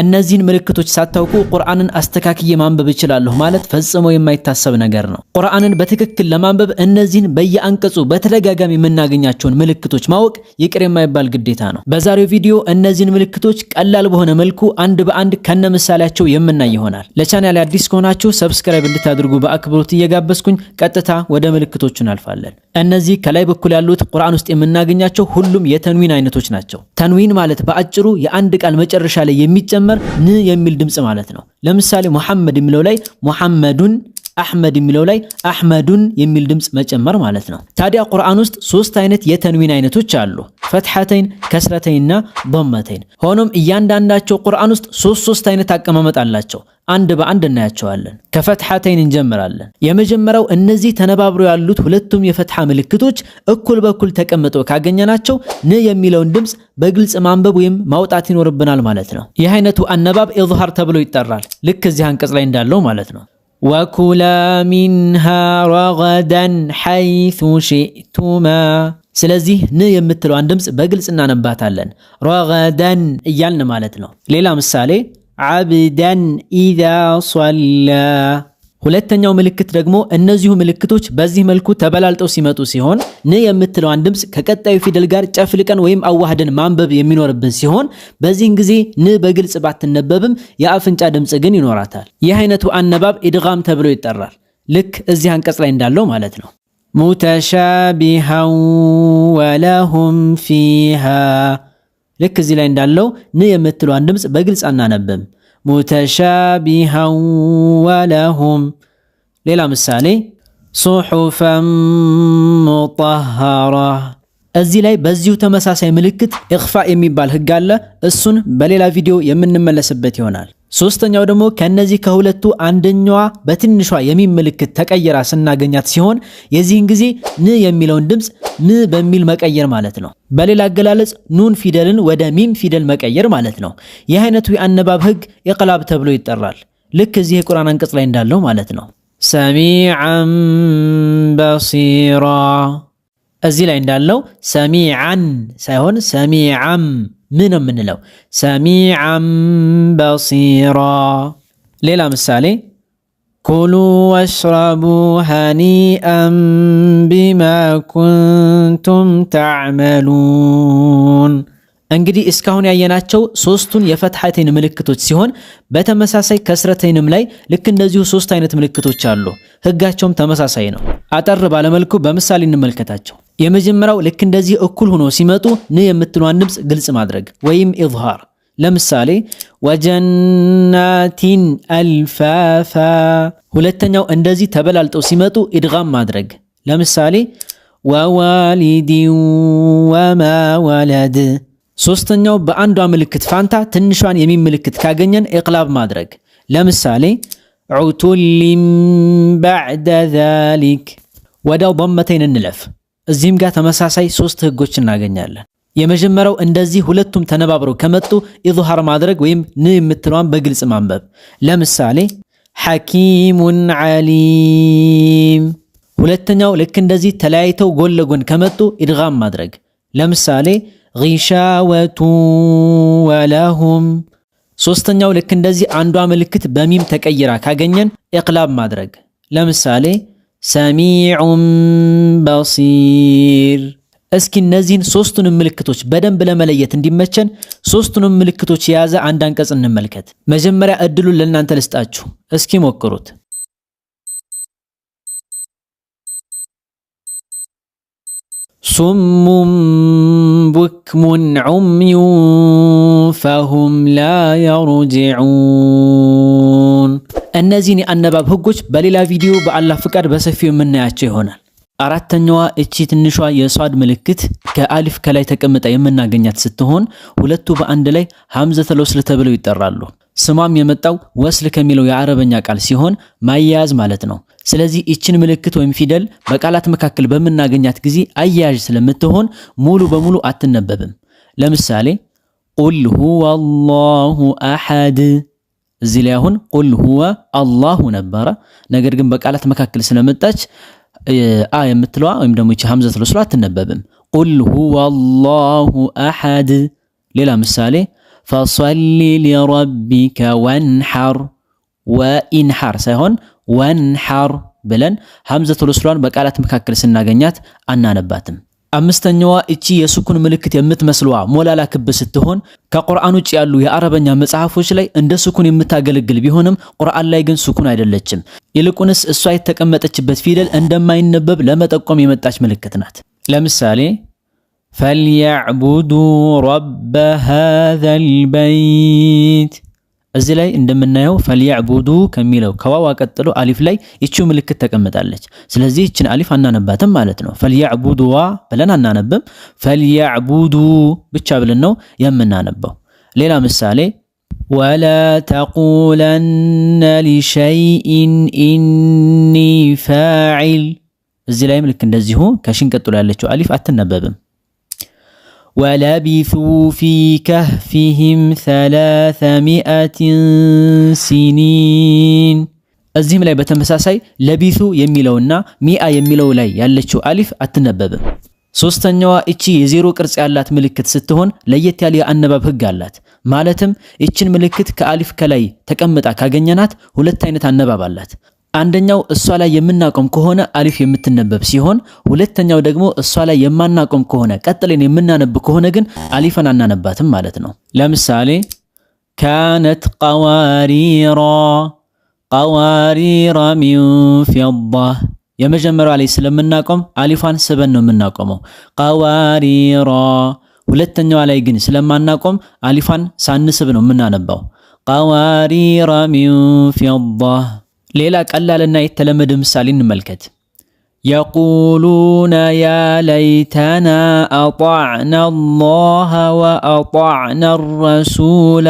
እነዚህን ምልክቶች ሳታውቁ ቁርአንን አስተካክዬ ማንበብ እችላለሁ ማለት ፈጽሞ የማይታሰብ ነገር ነው። ቁርአንን በትክክል ለማንበብ እነዚህን በየአንቀጹ በተደጋጋሚ የምናገኛቸውን ምልክቶች ማወቅ ይቅር የማይባል ግዴታ ነው። በዛሬው ቪዲዮ እነዚህን ምልክቶች ቀላል በሆነ መልኩ አንድ በአንድ ከነ ምሳሌያቸው የምናይ ይሆናል። ለቻናል አዲስ ከሆናችሁ ሰብስክራይብ እንድታደርጉ በአክብሮት እየጋበዝኩኝ ቀጥታ ወደ ምልክቶቹ እናልፋለን። እነዚህ ከላይ በኩል ያሉት ቁርአን ውስጥ የምናገኛቸው ሁሉም የተንዊን አይነቶች ናቸው። ተንዊን ማለት በአጭሩ የአንድ ቃል መጨረሻ ላይ የሚጨመር ሲደመር ን የሚል ድምፅ ማለት ነው። ለምሳሌ ሙሐመድ የሚለው ላይ ሙሐመዱን አሕመድ የሚለው ላይ አሕመዱን የሚል ድምፅ መጨመር ማለት ነው። ታዲያ ቁርአን ውስጥ ሶስት አይነት የተንዊን አይነቶች አሉ፣ ፈትሐተይን፣ ከስረተይንና ቦመተይን። ሆኖም እያንዳንዳቸው ቁርአን ውስጥ ሶስት ሶስት አይነት አቀማመጥ አላቸው። አንድ በአንድ እናያቸዋለን። ከፈትሐተይን እንጀምራለን። የመጀመሪያው እነዚህ ተነባብረው ያሉት ሁለቱም የፈትሐ ምልክቶች እኩል በኩል ተቀምጠው ካገኘናቸው ን የሚለውን ድምፅ በግልጽ ማንበብ ወይም ማውጣት ይኖርብናል ማለት ነው። ይህ አይነቱ አነባብ ኢዝሃር ተብሎ ይጠራል። ልክ እዚህ አንቀጽ ላይ እንዳለው ማለት ነው። ወኩላ ሚንሃ ረገደን ሐይሱ ሽእቱማ። ስለዚህ ን የምትለዋን ድምፅ በግልጽ እናነባታለን። ረገደን እያልን ማለት ነው። ሌላ ምሳሌ ዓብደን ኢዛ ሶላ ሁለተኛው ምልክት ደግሞ እነዚሁ ምልክቶች በዚህ መልኩ ተበላልጠው ሲመጡ ሲሆን ን የምትለዋን ድምፅ ከቀጣዩ ፊደል ጋር ጨፍልቀን ወይም አዋህደን ማንበብ የሚኖርብን ሲሆን በዚህን ጊዜ ን በግልጽ ባትነበብም የአፍንጫ ድምፅ ግን ይኖራታል። ይህ አይነቱ አነባብ ኢድጋም ተብሎ ይጠራል። ልክ እዚህ አንቀጽ ላይ እንዳለው ማለት ነው። ሙተሻቢሃን ወለሁም ፊሃ ልክ እዚህ ላይ እንዳለው ን የምትለዋን ድምፅ በግልጽ አናነብም። ሙተሻቢሃን ወለሁም። ሌላ ምሳሌ ሱሑፈን ሙጠሃራ። እዚህ ላይ በዚሁ ተመሳሳይ ምልክት ኢኽፋእ የሚባል ህግ አለ። እሱን በሌላ ቪዲዮ የምንመለስበት ይሆናል። ሶስተኛው ደግሞ ከነዚህ ከሁለቱ አንደኛዋ በትንሿ የሚም ምልክት ተቀይራ ስናገኛት ሲሆን የዚህን ጊዜ ን የሚለውን ድምፅ ን በሚል መቀየር ማለት ነው። በሌላ አገላለጽ ኑን ፊደልን ወደ ሚም ፊደል መቀየር ማለት ነው። ይህ አይነቱ የአነባብ ህግ ኢቅላብ ተብሎ ይጠራል። ልክ እዚህ የቁርአን አንቀጽ ላይ እንዳለው ማለት ነው። ሰሚዓን በሲራ እዚህ ላይ እንዳለው ሰሚዓን ሳይሆን ሰሚዓም ምን ነው የምንለው? ሰሚዓን በሲራ። ሌላ ምሳሌ ኩሉ ወሽረቡ ሃኒአን ቢማ ኩንቱም ተዕመሉን። እንግዲህ እስካሁን ያየናቸው ሶስቱን የፈትሐተይን ምልክቶች ሲሆን በተመሳሳይ ከስረተይንም ላይ ልክ እንደዚሁ ሶስት አይነት ምልክቶች አሉ። ህጋቸውም ተመሳሳይ ነው። አጠር ባለመልኩ በምሳሌ እንመልከታቸው። የመጀመሪያው ልክ እንደዚህ እኩል ሆኖ ሲመጡ ን የምትሏን ድምፅ ግልጽ ማድረግ ወይም ኢዝሃር። ለምሳሌ ወጀናቲን አልፋፋ። ሁለተኛው እንደዚህ ተበላልጠው ሲመጡ ኢድጋም ማድረግ። ለምሳሌ ወዋሊዲን ወማ ወለድ። ሶስተኛው በአንዷ ምልክት ፋንታ ትንሿን የሚን ካገኘን ኢቅላብ ማድረግ። ለምሳሌ ዑቱሊም ባዕደ ዛሊክ። ወዳው በመተይን እንለፍ እዚህም ጋር ተመሳሳይ ሶስት ህጎች እናገኛለን። የመጀመሪያው እንደዚህ ሁለቱም ተነባብረው ከመጡ ኢዙሃር ማድረግ ወይም ን የምትለዋን በግልጽ ማንበብ። ለምሳሌ ሐኪሙን ዓሊም። ሁለተኛው ልክ እንደዚህ ተለያይተው ጎን ለጎን ከመጡ ኢድጋም ማድረግ። ለምሳሌ ጊሻወቱ ወለሁም። ሶስተኛው ልክ እንደዚህ አንዷ ምልክት በሚም ተቀይራ ካገኘን ኢቅላብ ማድረግ። ለምሳሌ سميع بصير اسكي نزين سوستن ملكتوش بدن بلا مليت اندي مچن سوستن ملكتوش يازا عند انقص ان ملكت مجمرا ادلو لنا انت لستاچو اسكي موكروت سم بكم عمي فهم لا يرجعون እነዚህን የአነባብ ህጎች በሌላ ቪዲዮ በአላህ ፍቃድ በሰፊው የምናያቸው ይሆናል። አራተኛዋ እቺ ትንሿ የሷድ ምልክት ከአሊፍ ከላይ ተቀምጣ የምናገኛት ስትሆን ሁለቱ በአንድ ላይ ሐምዘተል ወስል ተብለው ይጠራሉ። ስሟም የመጣው ወስል ከሚለው የአረበኛ ቃል ሲሆን ማያያዝ ማለት ነው። ስለዚህ እችን ምልክት ወይም ፊደል በቃላት መካከል በምናገኛት ጊዜ አያያዥ ስለምትሆን ሙሉ በሙሉ አትነበብም። ለምሳሌ ቁል ሁወ አላሁ አሐድ እዚህ ላይ አሁን ቁል ሁወ አላሁ ነበረ። ነገር ግን በቃላት መካከል ስለመጣች አ የምትለዋ ወይም ደግሞ ይቺ ሐምዘ ተለስሎ አትነበብም። ቁል ሁወ አላሁ አሐድ። ሌላ ምሳሌ ፈሰሊ ሊረቢከ ወንሐር። ወኢንሐር ሳይሆን ወንሐር ብለን ሐምዘ ተለስሏን በቃላት መካከል ስናገኛት አናነባትም። አምስተኛዋ እቺ የሱኩን ምልክት የምትመስለዋ ሞላላ ክብ ስትሆን ከቁርአን ውጭ ያሉ የአረበኛ መጽሐፎች ላይ እንደ ሱኩን የምታገለግል ቢሆንም ቁርአን ላይ ግን ሱኩን አይደለችም። ይልቁንስ እሷ የተቀመጠችበት ፊደል እንደማይነበብ ለመጠቆም የመጣች ምልክት ናት። ለምሳሌ ፈልያዕቡዱ ረበ ሃዛል በይት እዚህ ላይ እንደምናየው ፈሊያዕቡዱ ከሚለው ከዋዋ ቀጥሎ አሊፍ ላይ ይቺው ምልክት ተቀምጣለች። ስለዚህ ይችን አሊፍ አናነባትም ማለት ነው። ፈልያዕቡዱ ብለን አናነብም። ፈልያዕቡዱ ብቻ ብለን ነው የምናነበው ሌላ ምሳሌ ወላ ተቁለነ ሊሸይኢን ኢኒ ፋዒል። እዚህ ላይም ልክ እንደዚሁ ከሽን ቀጥሎ ያለችው አሊፍ አትነበብም። ወለቢቱ ፊ ከህፊህም ሰላሰ ሚአትን እዚህም ላይ በተመሳሳይ ለቢቱ የሚለውና ሚአ የሚለው ላይ ያለችው አሊፍ አትነበብም። ሶስተኛዋ እቺ የዜሮ ቅርጽ ያላት ምልክት ስትሆን ለየት ያለ የአነባብ ህግ አላት። ማለትም እችን ምልክት ከአሊፍ ከላይ ተቀምጣ ካገኘናት ሁለት አይነት አነባብ አላት። አንደኛው እሷ ላይ የምናቆም ከሆነ አሊፍ የምትነበብ ሲሆን ሁለተኛው ደግሞ እሷ ላይ የማናቆም ከሆነ ቀጥለን የምናነብ ከሆነ ግን አሊፈን አናነባትም ማለት ነው። ለምሳሌ ካነት ቀዋሪራ ቀዋሪራ ሚን ፊዳ የመጀመሪያው ላይ ስለምናቆም አሊፋን ስበን ነው የምናቆመው ቀዋሪራ። ሁለተኛዋ ላይ ግን ስለማናቆም አሊፋን ሳንስብ ነው የምናነባው ቀዋሪራ ሚን ፊዳ ሌላ ቀላልና የተለመደ ምሳሌ እንመልከት። የቁሉነ ያ ለይተና አጣዕና አላህ ወአጣዕና ረሱላ።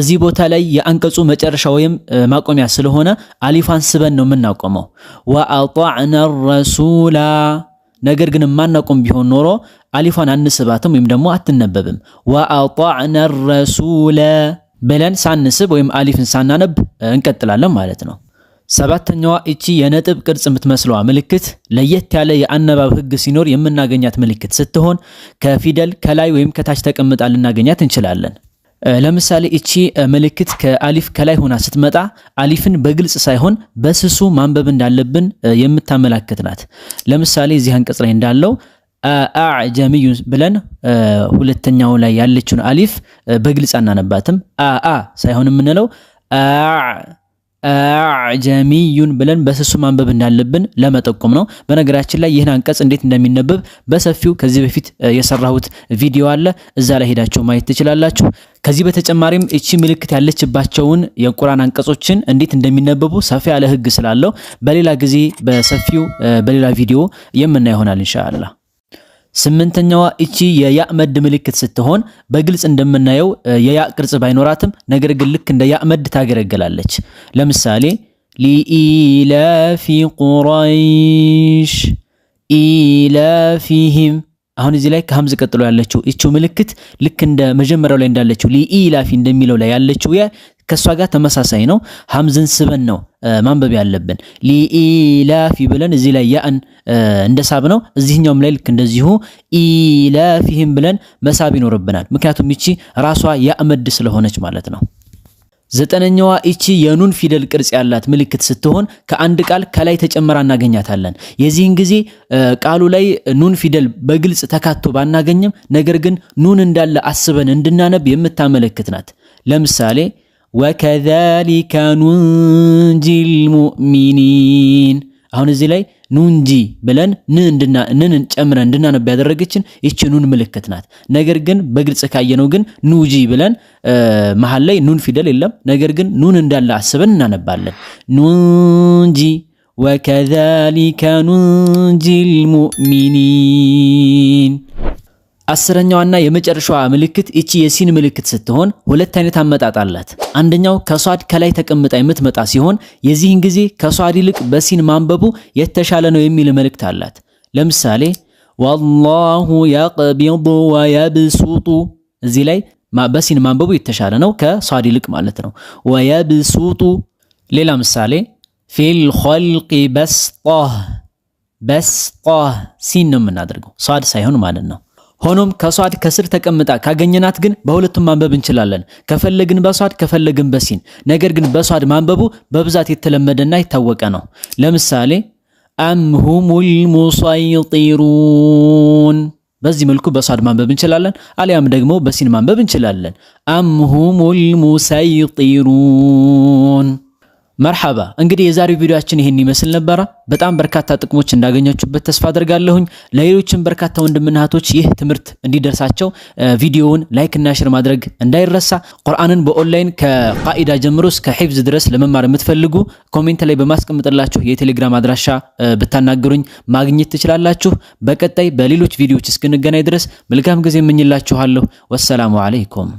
እዚህ ቦታ ላይ የአንቀጹ መጨረሻ ወይም ማቆሚያ ስለሆነ አሊፋን ስበን ነው የምናቆመው። ወአጣዕና ረሱላ። ነገር ግን ማናቆም ቢሆን ኖሮ አሊፏን አንስባትም ወይም ደግሞ አትነበብም። ወአጣዕና ረሱላ ብለን ሳንስብ ወይም አሊፍን ሳናነብ እንቀጥላለን ማለት ነው። ሰባተኛዋ እቺ የነጥብ ቅርጽ የምትመስለዋ ምልክት ለየት ያለ የአነባብ ህግ ሲኖር የምናገኛት ምልክት ስትሆን ከፊደል ከላይ ወይም ከታች ተቀምጣ ልናገኛት እንችላለን። ለምሳሌ እቺ ምልክት ከአሊፍ ከላይ ሆና ስትመጣ አሊፍን በግልጽ ሳይሆን በስሱ ማንበብ እንዳለብን የምታመላክት ናት። ለምሳሌ እዚህ አንቀጽ ላይ እንዳለው አዕጀሚዩ ብለን ሁለተኛው ላይ ያለችውን አሊፍ በግልጽ አናነባትም። አአ ሳይሆን የምንለው አዕጀሚዩን ብለን በስሱ ማንበብ እንዳለብን ለመጠቆም ነው። በነገራችን ላይ ይህን አንቀጽ እንዴት እንደሚነበብ በሰፊው ከዚህ በፊት የሰራሁት ቪዲዮ አለ፣ እዛ ላይ ሄዳችሁ ማየት ትችላላችሁ። ከዚህ በተጨማሪም እቺ ምልክት ያለችባቸውን የቁርአን አንቀጾችን እንዴት እንደሚነበቡ ሰፊ ያለ ህግ ስላለው በሌላ ጊዜ በሰፊው በሌላ ቪዲዮ የምናይሆናል ይሆናል ኢንሻአላህ። ስምንተኛዋ እቺ የያ መድ ምልክት ስትሆን በግልጽ እንደምናየው የያ ቅርጽ ባይኖራትም ነገር ግን ልክ እንደ ያ መድ ታገለግላለች። ለምሳሌ ሊኢላፊ ቁረይሽ ኢላፊህም። አሁን እዚህ ላይ ከሀምዝ ቀጥሎ ያለችው እቺው ምልክት ልክ እንደ መጀመሪያው ላይ እንዳለችው ሊኢላፊ እንደሚለው ላይ ያለችው ከእሷ ጋር ተመሳሳይ ነው። ሀምዝን ስበን ነው ማንበብ ያለብን። ሊኢላፊ ብለን እዚህ ላይ ያእን እንደሳብ ነው። እዚህኛውም ላይ ልክ እንደዚሁ ኢላፊህም ብለን መሳብ ይኖርብናል። ምክንያቱም ይቺ ራሷ ያእመድ ስለሆነች ማለት ነው። ዘጠነኛዋ እቺ የኑን ፊደል ቅርጽ ያላት ምልክት ስትሆን ከአንድ ቃል ከላይ ተጨምራ እናገኛታለን። የዚህን ጊዜ ቃሉ ላይ ኑን ፊደል በግልጽ ተካቶ ባናገኝም ነገር ግን ኑን እንዳለ አስበን እንድናነብ የምታመለክት ናት። ለምሳሌ ወከዛሊከ ኑንጂል ሙእሚኒን። አሁን እዚህ ላይ ኑንጂ ብለን ንን ጨምረን እንድናነብ ያደረገችን ይች ኑን ምልክት ናት። ነገር ግን በግልጽ ካየነው ግን ኑጂ ብለን መሀል ላይ ኑን ፊደል የለም። ነገር ግን ኑን እንዳለ አስበን እናነባለን። ኑንጂ ወከዛሊከ ኑንጂ ልሙእሚኒን አስረኛዋና የመጨረሻዋ ምልክት እቺ የሲን ምልክት ስትሆን ሁለት አይነት አመጣጥ አላት። አንደኛው ከሷድ ከላይ ተቀምጣ የምትመጣ ሲሆን የዚህን ጊዜ ከሷድ ይልቅ በሲን ማንበቡ የተሻለ ነው የሚል መልእክት አላት። ለምሳሌ ወላሁ የቅቢዱ ወየብሱጡ እዚህ ላይ በሲን ማንበቡ የተሻለ ነው ከሷድ ይልቅ ማለት ነው። ወየብሱጡ ሌላ ምሳሌ ፊል ኸልቂ በስጣህ በስጣህ ሲን ነው የምናደርገው ሷድ ሳይሆን ማለት ነው። ሆኖም ከሷድ ከስር ተቀምጣ ካገኘናት ግን በሁለቱም ማንበብ እንችላለን፣ ከፈለግን በሷድ ከፈለግን በሲን። ነገር ግን በሷድ ማንበቡ በብዛት የተለመደና የታወቀ ነው። ለምሳሌ አምሁሙል ሙሰይጢሩን በዚህ መልኩ በሷድ ማንበብ እንችላለን። አሊያም ደግሞ በሲን ማንበብ እንችላለን። አምሁሙል ሙሰይጢሩን መርሐባ እንግዲህ የዛሬው ቪዲዮአችን ይህን ይመስል ነበረ። በጣም በርካታ ጥቅሞች እንዳገኛችሁበት ተስፋ አድርጋለሁኝ። ለሌሎችም በርካታ ወንድምና እህቶች ይህ ትምህርት እንዲደርሳቸው ቪዲዮውን ላይክ እና ሼር ማድረግ እንዳይረሳ። ቁርአንን በኦንላይን ከቃኢዳ ጀምሮ እስከ ሂፍዝ ድረስ ለመማር የምትፈልጉ ኮሜንት ላይ በማስቀምጥላችሁ የቴሌግራም አድራሻ ብታናገሩኝ ማግኘት ትችላላችሁ። በቀጣይ በሌሎች ቪዲዮዎች እስክንገናኝ ድረስ መልካም ጊዜ እመኝላችኋለሁ። ወሰላሙ አለይኩም